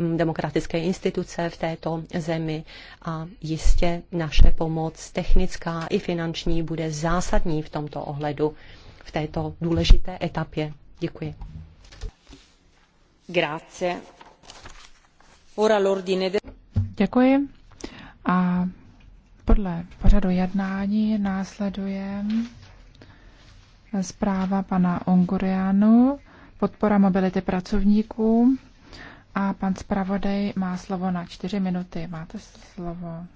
Mm, demokratické instituce v této zemi a jistě naše pomoc technická i finanční bude zásadní v tomto ohledu, v této důležité etapě. Děkuji. Grazie. Ora l'ordine de... Děkuji. A podle pořadu jednání následuje zpráva pana Ongurianu, podpora mobility pracovníků. A pan zpravodaj má slovo na čtyři minuty. Máte slovo.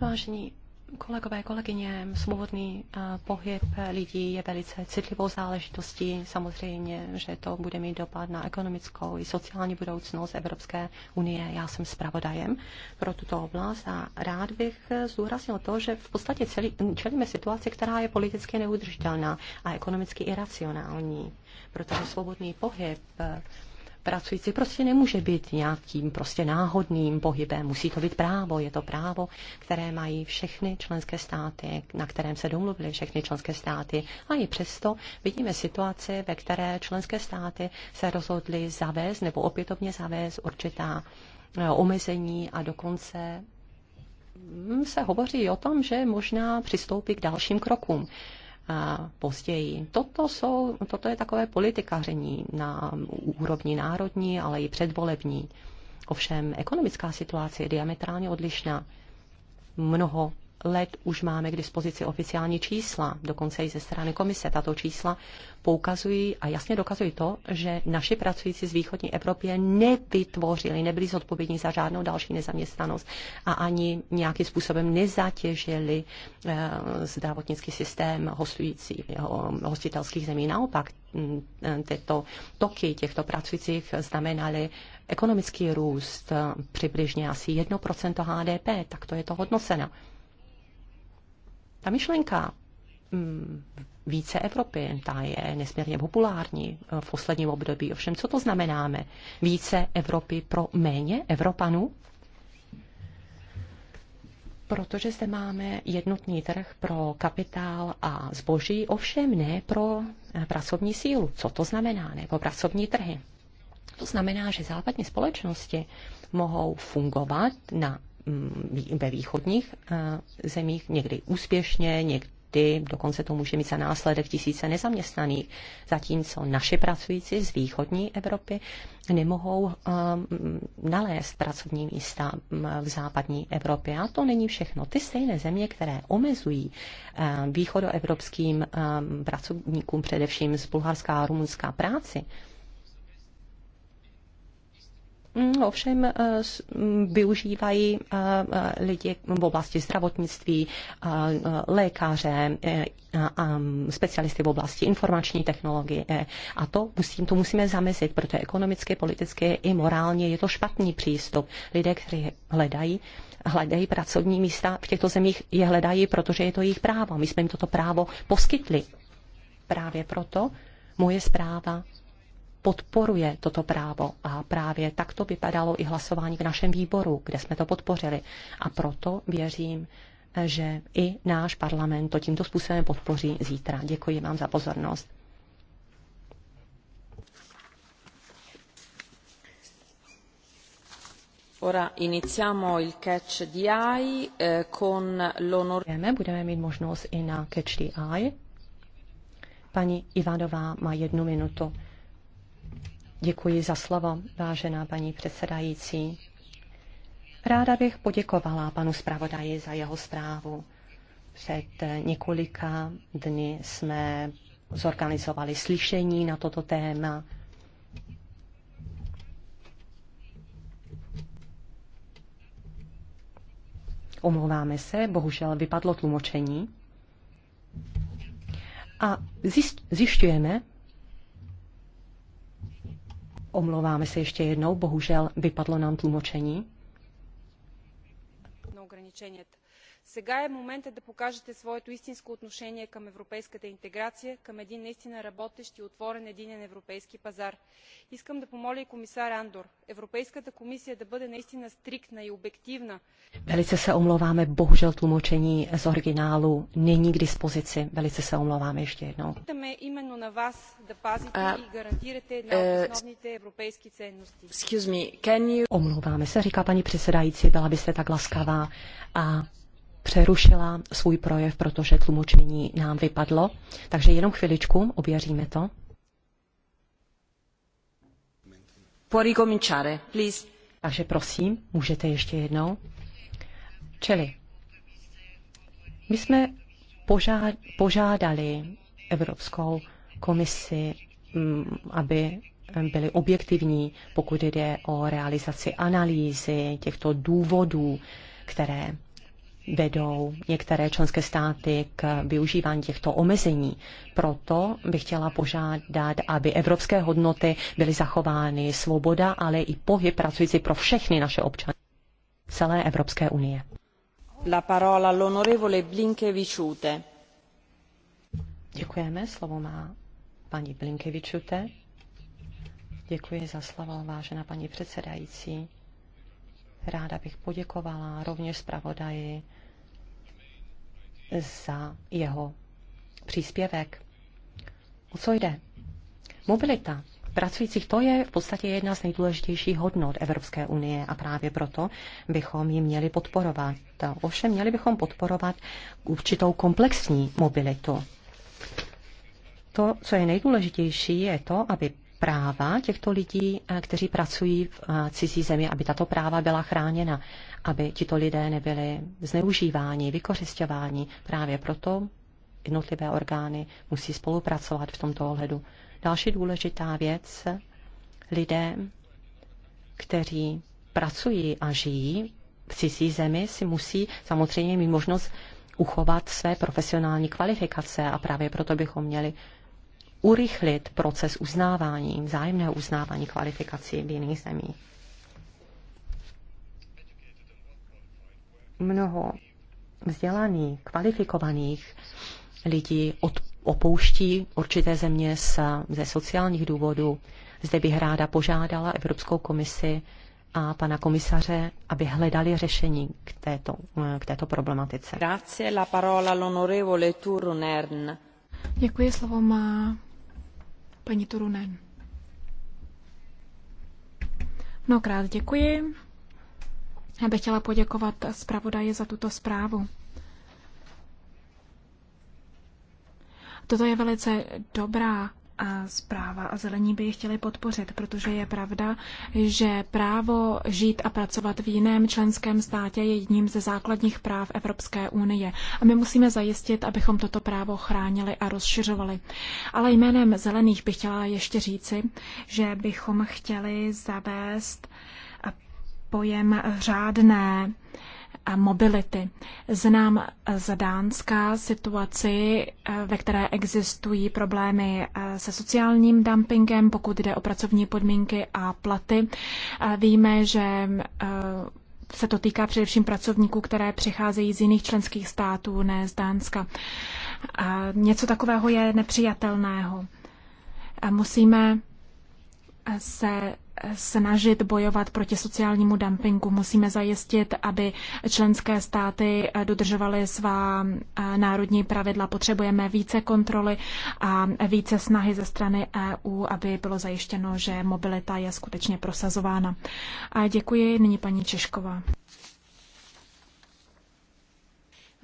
Vážení Kolegové, kolegyně, svobodný eh, pohyb lidí je velice citlivou záležitostí. Samozřejmě, že to bude mít dopad na ekonomickou i sociální budoucnost Evropské unie. Já jsem zpravodajem pro tuto oblast a rád bych eh, zdůraznil to, že v podstatě celý, čelíme situaci, která je politicky neudržitelná a ekonomicky iracionální, protože svobodný pohyb eh, pracující prostě nemůže být nějakým prostě náhodným pohybem. Musí to být právo. Je to právo, které mají všechny členské státy, na kterém se domluvily všechny členské státy. A i přesto vidíme situaci, ve které členské státy se rozhodly zavést nebo opětovně zavést určitá eh, omezení a dokonce hm, se hovoří o tom, že možná přistoupí k dalším krokům později. Toto, jsou, toto je takové politikaření na úrovni národní, ale i předvolební. Ovšem ekonomická situace je diametrálně odlišná. Mnoho let už máme k dispozici oficiální čísla, dokonce i ze strany komise. Tato čísla poukazují a jasně dokazují to, že naši pracující z východní Evropy nevytvořili, nebyli zodpovědní za žádnou další nezaměstnanost a ani nějakým způsobem nezatěžili eh, zdravotnický systém hostující, eh, hostitelských zemí. Naopak, hm, eh, tyto toky těchto pracujících znamenaly ekonomický růst přibližně asi 1% HDP, tak to je to hodnoceno. Ta myšlenka mm, více Evropy, ta je nesmírně populární v posledním období. Ovšem, co to znamenáme? Více Evropy pro méně Evropanů? Protože zde máme jednotný trh pro kapitál a zboží, ovšem ne pro pracovní sílu. Co to znamená? Ne pro pracovní trhy. To znamená, že západní společnosti mohou fungovat na Mm, ve východních eh, zemích, někdy úspěšně, někdy dokonce to může mít za následek tisíce nezaměstnaných, zatímco naši pracující z východní Evropy nemohou eh, nalézt pracovní místa mm, v západní Evropě. A to není všechno. Ty stejné země, které omezují eh, východoevropským pracovníkům, především z Bulharska a Rumunska práci, Mm, ovšem eh, mm, využívají eh, eh, lidi v oblasti zdravotnictví, lékaře, mm, specialisty v oblasti informační technologie. A to, musím, to musíme zamezit, protože ekonomicky, politicky i morálně je to špatný přístup. Lidé, kteří hledají, hledají pracovní místa v těchto zemích, je hledají, protože je to jejich právo. My jsme jim toto právo poskytli. Právě proto moje zpráva podporuje toto právo. A právě tak to vypadalo i hlasování v našem výboru, kde jsme to podpořili. A proto věřím, že i náš parlament to tímto způsobem podpoří zítra. Děkuji vám za pozornost. Ora iniziamo il catch di eye eh, con l'onore. Budeme mít možnost i na catch di eye. Paní Ivanová má jednu minutu. Děkuji za slovo, vážená paní předsedající. Ráda bych poděkovala panu zpravodaji za jeho zprávu. Před několika dny jsme zorganizovali slyšení na toto téma. Omlouváme se, bohužel vypadlo tlumočení. A zjišťujeme, Omlouváme se ještě jednou, bohužel vypadlo nám tlumočení. No, сега е моментът да покажете своето истинско отношение към европейската интеграция към един наистина работещ и отворен единен европейски пазар. искам да помоля и комисар андор европейската комисия да бъде наистина стриктна и обективна. Velice se omlouváme, bohužel tlumočení z originálu není k dispozici. Velice se omlouváme ještě jednou. Питаме именно на вас да пазите uh, и гарантирате една от основните европейски ценности. Excuse me, can you... Omlouváme se, říká paní předsedající, byla byste tak laskavá a přerušila svůj projev, protože tlumočení nám vypadlo. Takže jenom chviličku, ověříme to. Può ricominciare, please. Takže prosím, můžete ještě jednou. Čili, my jsme požádali Evropskou komisi, mm, aby byly objektivní, pokud jde o realizaci analýzy těchto důvodů, které vedou některé členské státy k využívání těchto omezení. Proto bych chtěla požádat, aby evropské hodnoty byly zachovány svoboda, ale i pohyb pracující pro všechny naše občany celé Evropské unie. La parola l'onorevole Blinkevičute. Děkujeme, slovo má paní Blinkevičute. Děkuji za slovo, vážená paní předsedající. Ráda bych poděkovala rovněž zpravodaji za jeho příspěvek. O co jde? Mobilita pracujících, to je v podstatě jedna z nejdůležitějších hodnot Evropské unie a právě proto bychom ji měli podporovat. Ovšem měli bychom podporovat určitou komplexní mobilitu. To, co je nejdůležitější, je to, aby práva těchto lidí, eh, kteří pracují v eh, cizí zemi, aby tato práva byla chráněna, aby tito lidé nebyli zneužíváni, vykořišťováni. Právě proto jednotlivé orgány musí spolupracovat v tomto ohledu. Další důležitá věc, lidé, kteří pracují a žijí v cizí zemi, si musí samozřejmě mít možnost uchovat své profesionální kvalifikace a právě proto bychom měli urychlit proces uznávání, vzájemného uznávání kvalifikací v jiných zemích. Mnoho vzdělaných, kvalifikovaných lidí od, opouští určité země ze sociálních důvodů. Zde bych ráda požádala Evropskou komisi a pana komisaře, aby hledali řešení k této, k této problematice. Grazie, la parola Turunern. Děkuji, slovo má Paní Turunen. Mnohokrát děkuji. Já bych chtěla poděkovat zpravodaji za tuto zprávu. Toto je velice dobrá a zpráva a zelení by ji chtěli podpořit, protože je pravda, že právo žít a pracovat v jiném členském státě je jedním ze základních práv Evropské unie a my musíme zajistit, abychom toto právo chránili a rozšiřovali. Ale jménem zelených bych chtěla ještě říci, že bychom chtěli zavést pojem řádné mobility. Znám eh, z Dánska situaci, eh, ve které existují problémy eh, se sociálním dumpingem, pokud jde o pracovní podmínky a platy. Víme, že se to týká především pracovníků, které přicházejí z jiných členských států, ne z Dánska. Něco takového je nepřijatelného. Musíme se snažit bojovat proti sociálnímu dumpingu. Musíme zajistit, aby členské státy dodržovaly svá eh, národní pravidla. Potřebujeme více kontroly a více snahy ze strany EU, aby bylo zajištěno, že mobilita je skutečně prosazována. A děkuji nyní paní Češková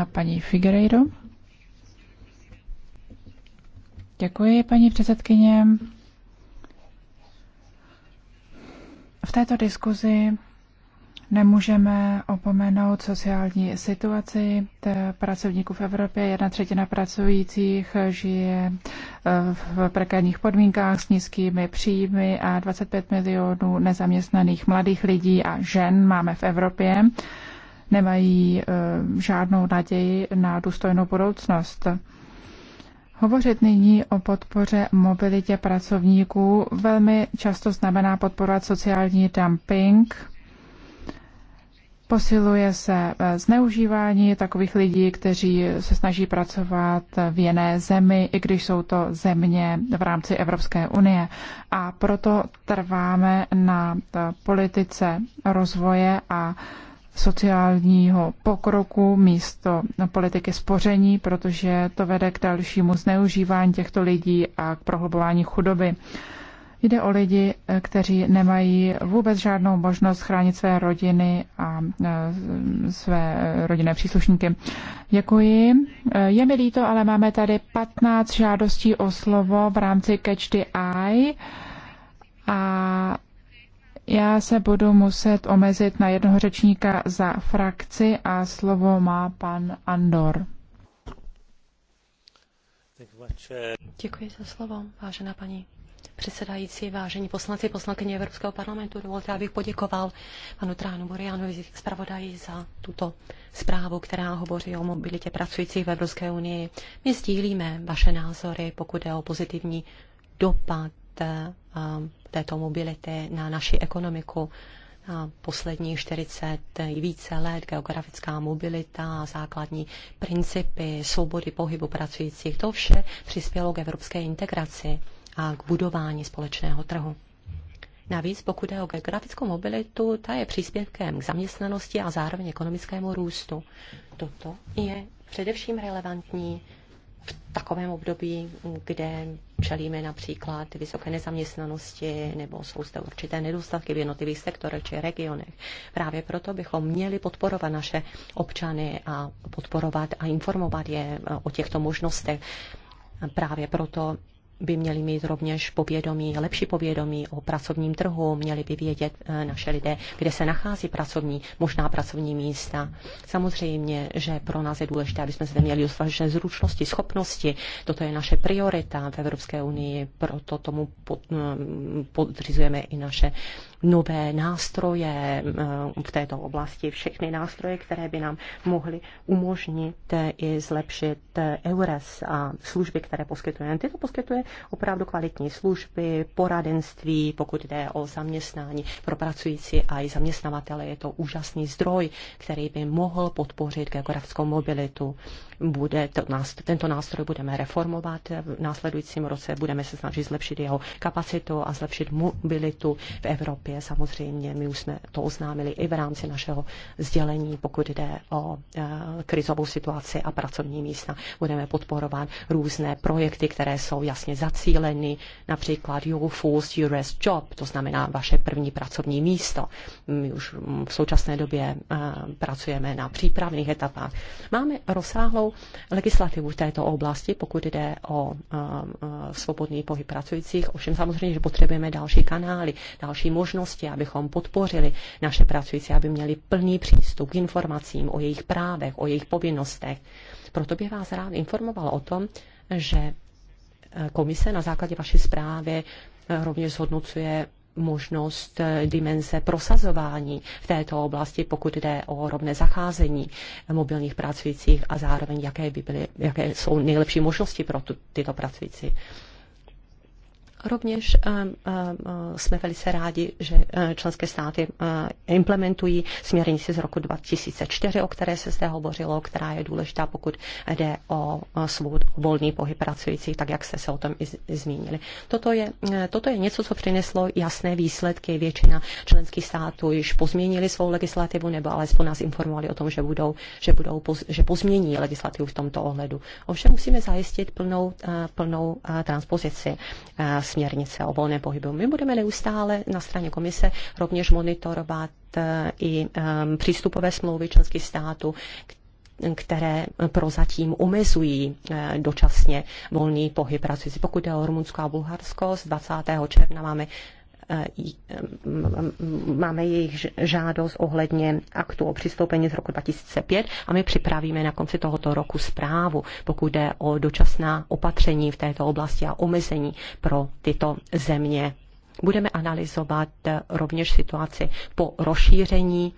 A paní Figueiredo. Děkuji, paní předsedkyně. V této diskuzi nemůžeme opomenout sociální situaci pracovníků v Evropě. Jedna třetina pracujících žije eh, v prekérních podmínkách s nízkými příjmy a 25 milionů nezaměstnaných mladých lidí a žen máme v Evropě nemají eh, žádnou naději na důstojnou budoucnost. Hovořit nyní o podpoře mobilitě pracovníků velmi často znamená podporovat sociální dumping. Posiluje se eh, zneužívání takových lidí, kteří se snaží pracovat v jiné zemi, i když jsou to země v rámci Evropské unie. A proto trváme na eh, politice rozvoje a sociálního pokroku místo politiky spoření, protože to vede k dalšímu zneužívání těchto lidí a k prohlubování chudoby. Jde o lidi, kteří nemají vůbec žádnou možnost chránit své rodiny a e, své rodinné příslušníky. Děkuji. Je mi líto, ale máme tady 15 žádostí o slovo v rámci Catch the Eye. A já se budu muset omezit na jednoho řečníka za frakci a slovo má pan Andor. Eh. Děkuji za slovo, vážená paní předsedající, vážení poslanci, poslankyně Evropského parlamentu, dovolte, abych poděkoval panu Tránu Borianovi zpravodaji za tuto zprávu, která hovoří o mobilitě pracujících v Evropské unii. My sdílíme vaše názory, pokud je o pozitivní dopad této mobility na naši ekonomiku. A posledních 40 i více let geografická mobilita, základní principy, svobody pohybu pracujících, to vše přispělo k evropské integraci a k budování společného trhu. Navíc pokud je o geografickou mobilitu, ta je příspěvkem k zaměstnanosti a zároveň ekonomickému růstu. Toto je především relevantní v takovém období, kde čelíme například vysoké nezaměstnanosti nebo jsou zde určité nedostatky v jednotlivých sektorech či regionech. Právě proto bychom měli podporovat naše občany a podporovat a informovat je o těchto možnostech. Právě proto by měli mít rovněž povědomí, lepší povědomí o pracovním trhu, měli by vědět eh, naše lidé, kde se nachází pracovní, možná pracovní místa. Samozřejmě, že pro nás je důležité, aby jsme zde měli dostatečné zručnosti, schopnosti. Toto je naše priorita v Evropské unii, proto tomu eh, podřizujeme i naše nové nástroje eh, v této oblasti, všechny nástroje, které by nám mohly umožnit eh, i zlepšit eh, EURES a služby, které poskytuje. Tyto poskytuje opravdu kvalitní služby, poradenství, pokud jde o zaměstnání pro pracující a i zaměstnavatele. Je to úžasný zdroj, který by mohl podpořit geografickou mobilitu. Bude to, tento nástroj budeme reformovat v následujícím roce, budeme se snažit zlepšit jeho kapacitu a zlepšit mobilitu v Evropě Evropě. Samozřejmě my už jsme to oznámili i v rámci našeho sdělení, pokud jde o e, krizovou situaci a pracovní místa. Budeme podporovat různé projekty, které jsou jasně zacíleny, například Your First Yours Job, to znamená vaše první pracovní místo. My už v současné době e, pracujeme na přípravných etapách. Máme rozsáhlou legislativu v této oblasti, pokud jde o e, svobodný pohyb pracujících, ovšem samozřejmě, že potřebujeme další kanály, další možnosti možnosti, abychom podpořili naše pracující, aby měli plný přístup k informacím o jejich právech, o jejich povinnostech. Proto bych vás rád informoval o tom, že eh, komise na základě vaší zprávy eh, rovněž zhodnocuje možnost eh, dimenze prosazování v této oblasti, pokud jde o rovné zacházení mobilních pracujících a zároveň jaké, by byly, jaké jsou nejlepší možnosti pro tu, tyto pracující. Rovněž eh, eh, jsme velice rádi, že eh, členské státy implementují směrnici z roku 2004, o které se zde hovořilo, která je důležitá, pokud jde o svůj volný pohyb pracujících, tak jak jste se o tom i zmínili. Toto je, toto je něco, co přineslo jasné výsledky. Většina členských států již pozměnili svou legislativu nebo alespoň nás informovali o tom, že, budou, že, budou, že pozmění legislativu v tomto ohledu. Ovšem musíme zajistit plnou, plnou transpozici směrnice o volném pohybu. My budeme neustále na straně komise rovněž monitorovat eh, i ehm, přístupové smlouvy členských států, které prozatím omezují eh, dočasně volný pohyb pracující. Pokud jde o Rumunsko a Bulharsko, z 20. června máme Eh, máme jejich žádost ohledně aktu o přistoupení z roku 2005 a my připravíme na konci tohoto roku zprávu, pokud jde o dočasná opatření v této oblasti a omezení pro tyto země. Budeme analyzovat eh, rovněž situaci po rozšíření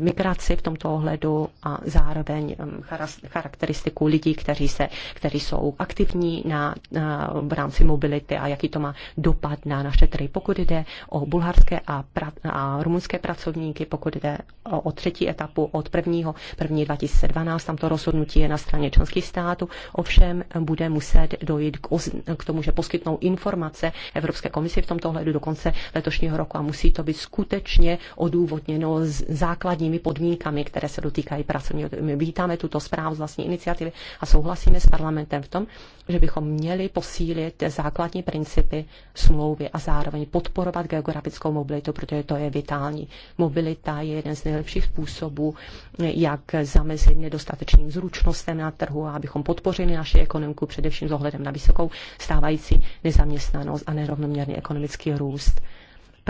migraci v tomto ohledu a zároveň um, charakteristiku lidí, kteří, se, kteří jsou aktivní na, na, v rámci mobility a jaký to má dopad na naše trhy. Pokud jde o bulharské a, pra, a rumunské pracovníky, pokud jde o, o třetí etapu od 1. 1. 2012, tam to rozhodnutí je na straně členských států, ovšem bude muset dojít k, k tomu, že poskytnou informace Evropské komisi v tomto ohledu do konce letošního roku a musí to být skutečně odůvodněno z základní základními podmínkami, které se dotýkají pracovního. My vítáme tuto zprávu z vlastní iniciativy a souhlasíme s parlamentem v tom, že bychom měli posílit základní principy smlouvy a zároveň podporovat geografickou mobilitu, protože to je vitální. Mobilita je jeden z nejlepších způsobů, jak zamezit nedostatečným zručnostem na trhu a abychom podpořili naši ekonomiku především s ohledem na vysokou stávající nezaměstnanost a nerovnoměrný ekonomický růst.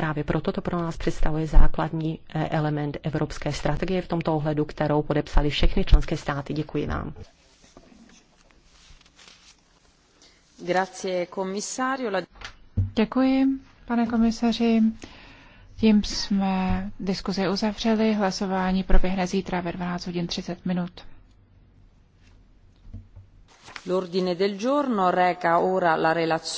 Právě proto to pro nás představuje základní eh, element evropské strategie v tomto ohledu, kterou podepsali všechny členské státy. Děkuji vám. Děkuji, pane komisaři. Tím jsme diskuzi uzavřeli. Hlasování proběhne zítra ve 12 hodin 30 minut. L'ordine del giorno reca ora la relazione